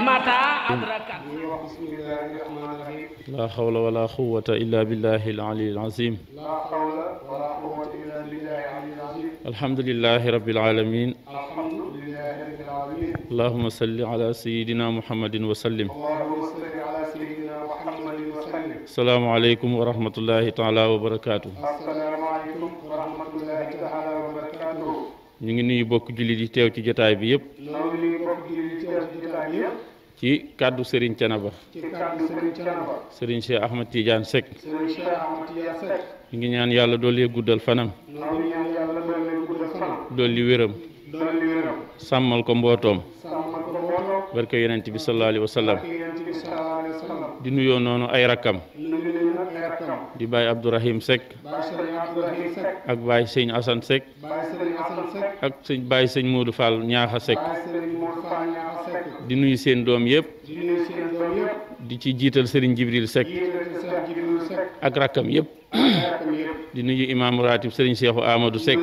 متى أدركت لا حول ولا قوة إلا بالله العلي العظيم لا حول ولا قوة إلا بالله العلي العظيم الحمد لله رب العالمين الحمد لله رب العالمين اللهم صل على سيدنا محمد وسلم اللهم Assalamualaikum warahmatullahi wabarakatuh. الله تعالى وبركاته السلام عليكم ورحمة الله تعالى nuyu bokk di teew ci jotaay bi yépp ci Cheikh Ahmad Tidiane Seck ñu ngi ñaan yàlla dolli guddal fanam dolli wéram sàmmal ko mbootoom barke sallallahu alayhi di nuyoo noonu ay rakkam di baay Abdourahim Seck ak baay sëñ Assane Seck ak sëñ baay sëñ Modou Fall Ñaaxa Seck di nuyu seen doom yëpp di ci jiital Serigne Jibril Seck ak rakkam yëpp di nuyu imaamu ratib Serigne Cheikhou Amadou Seck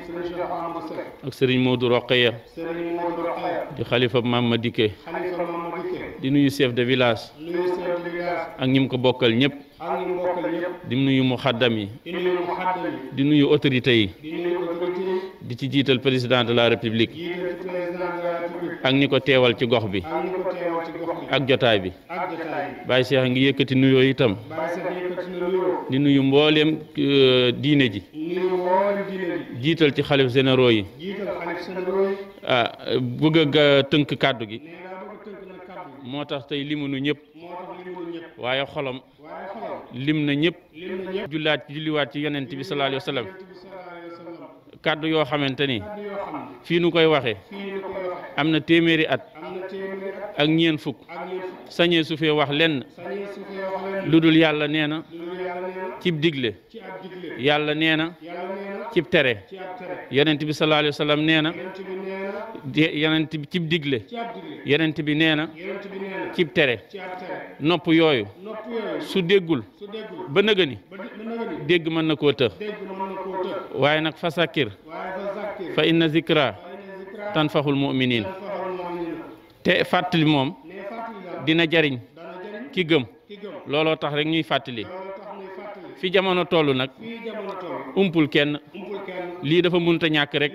ak Serigne Modou Roqeya di xalifa Mamma Dikke di nuyu chef de village ak ñi ko bokkal ñëpp di nuyu mu yi di nuyu autorité yi di ci jiital président de la république ak ñi ko teewal ci gox bi ak jotaay bi Baye Cheikh a ngi yëkkati nuyoo itam di nuyu mbooleem euh, diine ji jiital ci xalif généraux yi ah bëgg a tënk kàddu gi moo tax tey limunu ñëpp waaye xolam lim na ñëpp jullaat julliwaat ci yonent bi sallallahu alayhi kàddu yoo xamante ni fii nu koy waxe am na téeméeri at ak ñeen fukk sañee su fee wax lenn lu dul yàlla nee na cib digle yàlla nee na cib tere yonent bi sallallahu alayhi nee na yonent bi cib digle yonent bi nee na cib tere nopp yooyu su déggul ba nëgëni dégg mën na koo të waaye nag fa sakkir fa inna zikra tan faxul muminin te fàttali moom dina jariñ ki gëm looloo tax rek ñuy fàttali fi jamono toll nag umpul kenn lii dafa mënut ñàkk rek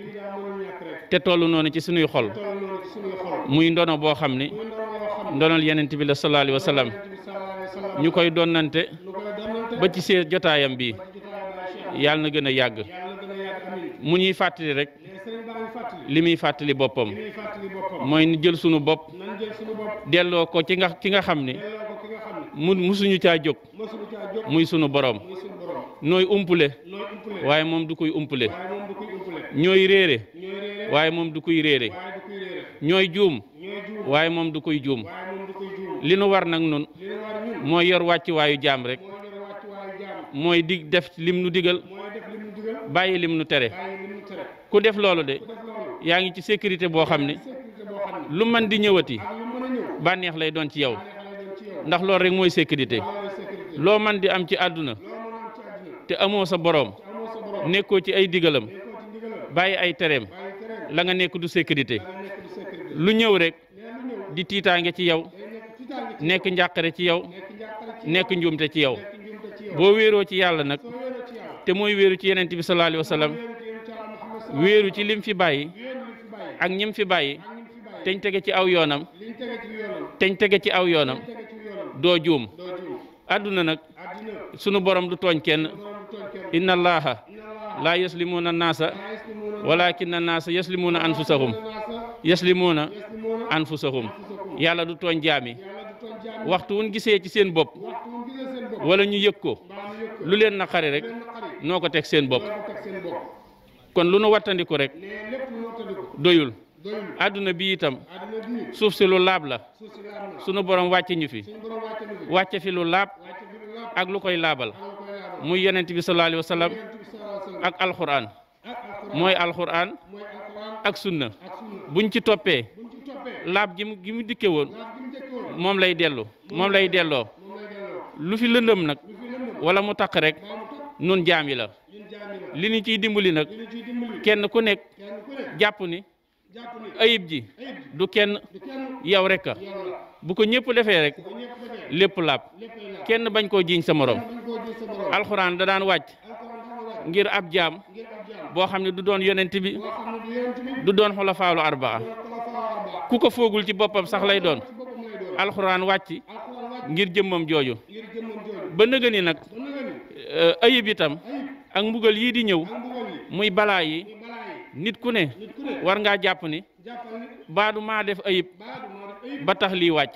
te tollu noonu ci suñuy xol muy ndono boo xam ni ndonal yenent bi la sallallahu alayhi ñu koy doon donnante ba ci seen jotaayam bi yàlla na gën a yàgg mu ñuy fàttali rek li muy fàttali boppam mooy ni jël sunu bopp delloo ko ci nga ki nga xam ni mu musuñu caa jóg muy sunu boroom nooy umpule waaye moom du koy umpule ñooy réere waaye moom du kuy réere ñooy juum waaye moom du kuy juum li nu war nag nun mooy yor wàcc waayu jaam rek mooy dig def lim nu digal bàyyi lim nu tere ku def loolu de yaa ngi ci sécurité boo xam ne lu mën di ñëwati bànneex lay doon ci yow ndax loolu rek mooy sécurité loo mën di am ci àdduna te amoo sa boroom nekkoo ci ay digalam bàyyi ay tereem la nga nekk du sécurité lu ñëw rek di tiitaange ci yow nekk njàqare ci yow nekk njuumte ci yow boo wéeroo ci yàlla nag te mooy wéeru ci yeneen bi sallallahu alayhi wéeru ci lim fi bàyyi ak ñim fi bàyyi teñ tege ci aw yoonam teñ tege ci aw yoonam doo juum àdduna nag sunu borom du tooñ kenn inna allaha laa yuslimuuna naasa na walakin annaasa yaslimuuna anfusahum yaslimuuna anfusahum yàlla du tooñ jaami waxtu wuñ gisee ci seen bopp wala ñu yëg ko lu leen naqari rek noo ko teg seen bopp kon lu nu wattandiku rek doyul àdduna bi itam suuf si lu laab la sunu borom wàcce ñu fi wàcce fi lu laab ak lu koy laabal muy yonent bi sallallahu alayhi wa ak alxuraan mooy alxuraan ak sunna buñ ci toppee laab ji mu gi mu woon moom lay dellu moom lay delloo lu fi lëndëm nag wala mu taq rek nun jaam la li nu ciy dimbali nag kenn ku nekk jàpp ni ayib ji du kenn yow rek bu ko ñëpp defee rek lépp laab kenn bañ koo jiiñ sa morom alxuraan da daan wàcc ngir ab jaam boo xam ne du doon yonent bi du doon xulafaalu arbaa ku ko foogul ci boppam sax lay doon alxuraan wàcc ngir jëmmam jooju ba nëga ni nag eh, ayib itam ak mbugal yii di ñëw muy balaa yi nit ku ne war ngaa jàpp ni baadu maa def ayib ba tax lii wàcc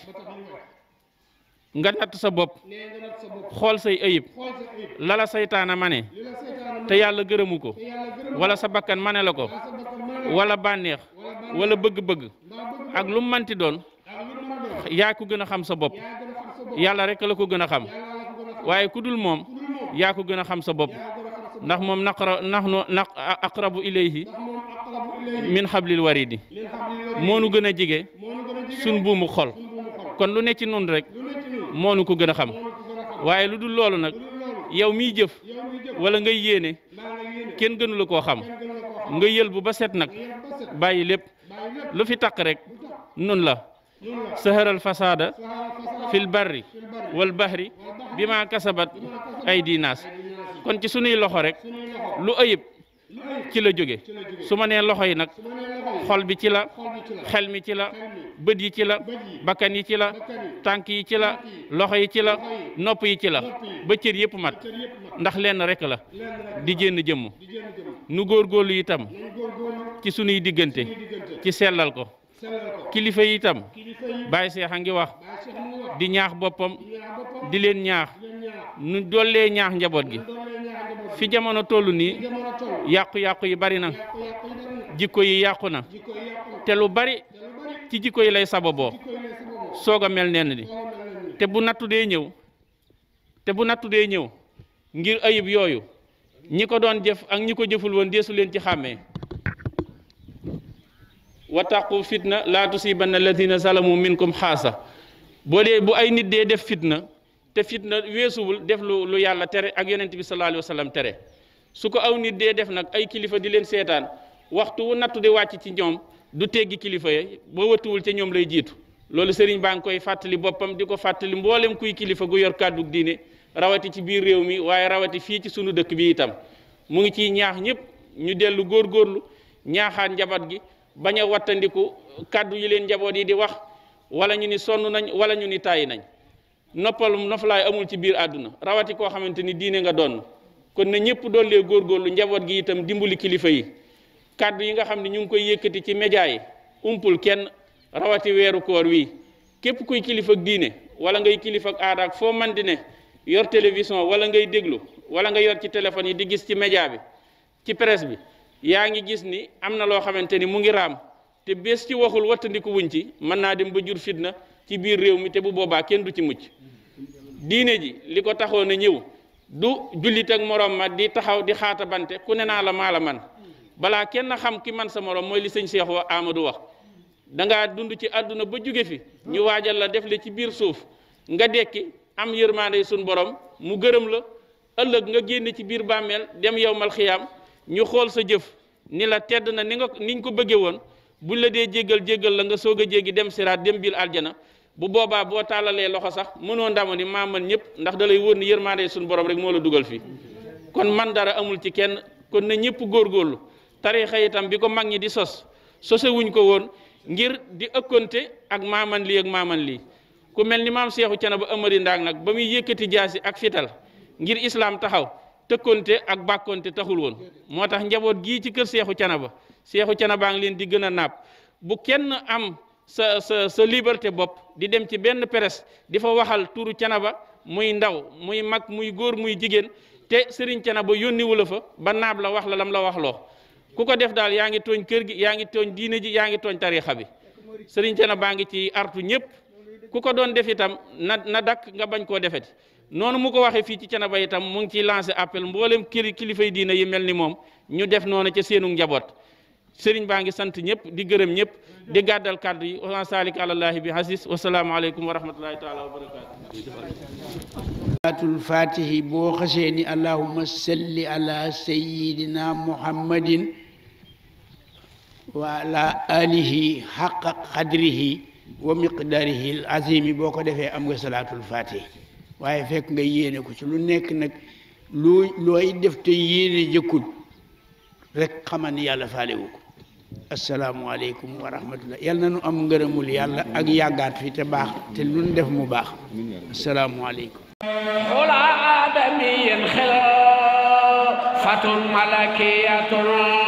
nga natt sa bopp xool say ayib lala saytaana mane te yàlla gërëmu ko wala sa bakkan mane la ko walla bànneex wala bëgg-bëgg ak lu mu manti doon yaa ko gën a xam sa bopp yàlla rek la ko gën a xam waaye ku dul moom yaa ko gën a xam sa bopp ndax moom naqra nahnu aqrabu ilayhi min xablil waridi moo nu gën a jige sun buumu xol kon lu ne rek moo nu ko gën a xam waaye lu dul loolu nag yow miy jëf wala ngay yéene kenn gënula koo xam nga yël bu ba set nag bàyyi lépp lu fi takk rek nun la saharal fasaada fil barri wal bahri bi maa kasabat ay dinaas kon ci sunuy loxo rek lu ayib ci la jóge su ma nee loxo yi nag xol bi ci la xel mi ci la bët yi ci la bakkan yi ci la tànk yi ci la loxo yi ci la nopp yi ci la ba cër yëpp mat ndax lenn rek la di jénn jëmm nu góorgóorlu itam ci sunuy diggante ci sellal ko kilifa yi itam bàyyi seex a ngi wax di ñaax boppam di leen ñaax nu dollee ñaax njaboot gi fi jamono toll nii yàqu-yàqu yi bari na jikko yi yàqu na te lu bari ci jikko yi lay sababoo soog a mel nenn di te bu nattu dee ñëw te bu nattu dee ñëw ngir ayib yooyu ñi ko doon jëf ak ñi ko jëful woon deesu leen ci xàmmee wattaqu fitna laa tusibanna alladina zalamu minkum xaasa boo dee bu ay nit dee def fitna te fitna weesuwul def lu lu yàlla tere ak yonent bi sallallahu alayhi wa tere su ko aw nit dee def nag ay kilifa di leen seetaan waxtu wu nattu di wàcc ci ñoom du teggi kilifa yi ba wëttuwul ci ñoom lay jiitu loolu sëriñ baa ngi koy fàttali boppam di ko fàttali mboolem kuy kilifa gu yor kàddu diine rawati ci biir réew mi waaye rawati fii ci sunu dëkk bi itam mu ngi ciy ñaax ñëpp ñu dellu góor góorlu ñaaxaan njaboot gi bañ a wattandiku kàddu yi leen njaboot yi di wax wala ñu ni sonn nañ wala ñu ni tàyyi nañ noppalum noflaay amul ci biir àdduna rawati koo xamante ni diine nga doon kon ne ñëpp dollee góorgóorlu njaboot gi itam dimbali kilifa yi kàddu yi nga xam ne ñu ngi koy yëkkati ci média yi umpul kenn rawati weeru koor wi képp kuy kilifa ak diine wala ngay kilifa ak aada ak foo man di ne yor télévision wala ngay déglu wala nga yor ci téléphone yi di gis ci média bi ci presse bi yaa ngi gis ni am na loo xamante ni mu ngi raam te bés ci waxul wattandiku wuñ ci mën naa dem ba jur fitna ci biir réew mi te bu boobaa kenn du ci mucc diine ji li ko taxoon a ñëw du jullit ak moroom ma di taxaw di xaata bante ku ne naa la maa la man balaa kenn xam ki man sa morom mooy li sëñ Cheikh am du wax dangaa dund ci àdduna ba jóge fi ñu waajal la def la ci biir suuf nga dekki am yërmaande suñ borom mu gërëm la ëllëg nga génn ci biir bàmmeel dem yowmal xiyaam ñu xool sa jëf ni la tedd na ni nga niñ ko bëggee woon buñ la dee jéggal jéggal la nga soog a jéggi dem siraat dem biir aljana bu boobaa boo tàllalee loxo sax mënoo ndamo ni maa man ñëpp ndax da lay wóor ni yërmaande suñu borom rek moo la dugal fii kon man dara amul ci kenn kon ne ñëpp góorgóorlu tarixa itam bi ko mag ñi di sos sose wuñ ko woon ngir di ëkkonte ak maaman lii ak maaman lii ku mel ni maam seexu cana ba amari ndaag nag ba muy yëkkati jaasi ak fital ngir islaam taxaw tëkkonte ak bàkkonte taxul woon moo tax njaboot gii ci kër seexu cana ba seexu cana baa ngi leen di gën a naab bu kenn am sa sa sa liberté bopp di dem ci benn presse di fa waxal turu canaba muy ndaw muy mag muy góor muy jigéen te sëriñ canaba yónniwu la fa ba naab la wax la lam la waxloo ku ko def daal yaa ngi tooñ kër gi yaa ngi tooñ diina ji yaa ngi tooñ tariixa bi sëriñ baa ngi ci artu ñëpp ku ko doon def itam na na dakk nga bañ koo defeti noonu mu ko waxee fii ci canaba itam mu ngi ciy lancé appel mbooleem kili kilifay diina yi mel ni moom ñu def noonu ca seenu njaboot sëriñ baa ngi sant ñëpp di gërëm ñëpp di gàddal kàddu yi wa saalik alallaahi bi hasis wa rahmatullahi taala wa barakaatu fatihi boo xasee ni allahuma salli ala sayidina muhammadin wa ala alihi xaqa boo ko defee am nga salaatul fatih waaye fekk nga yéene ko ci lu nekk nag lu looy def te yéene jëkkul rek xaman yàlla faalewu السلام عليكم ورحمة الله يلا نو أم غرم يلا أجي أعاد في تباخ تلون دف مباخ السلام عليكم ولا آدمي خلا فتن ملكية الله